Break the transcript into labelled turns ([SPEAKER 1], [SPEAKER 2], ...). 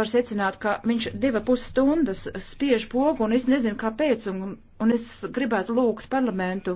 [SPEAKER 1] var secināt, ka viņš diva pusstundas spiež pogu un es nezinu kāpēc un, un es gribētu lūgt parlamentu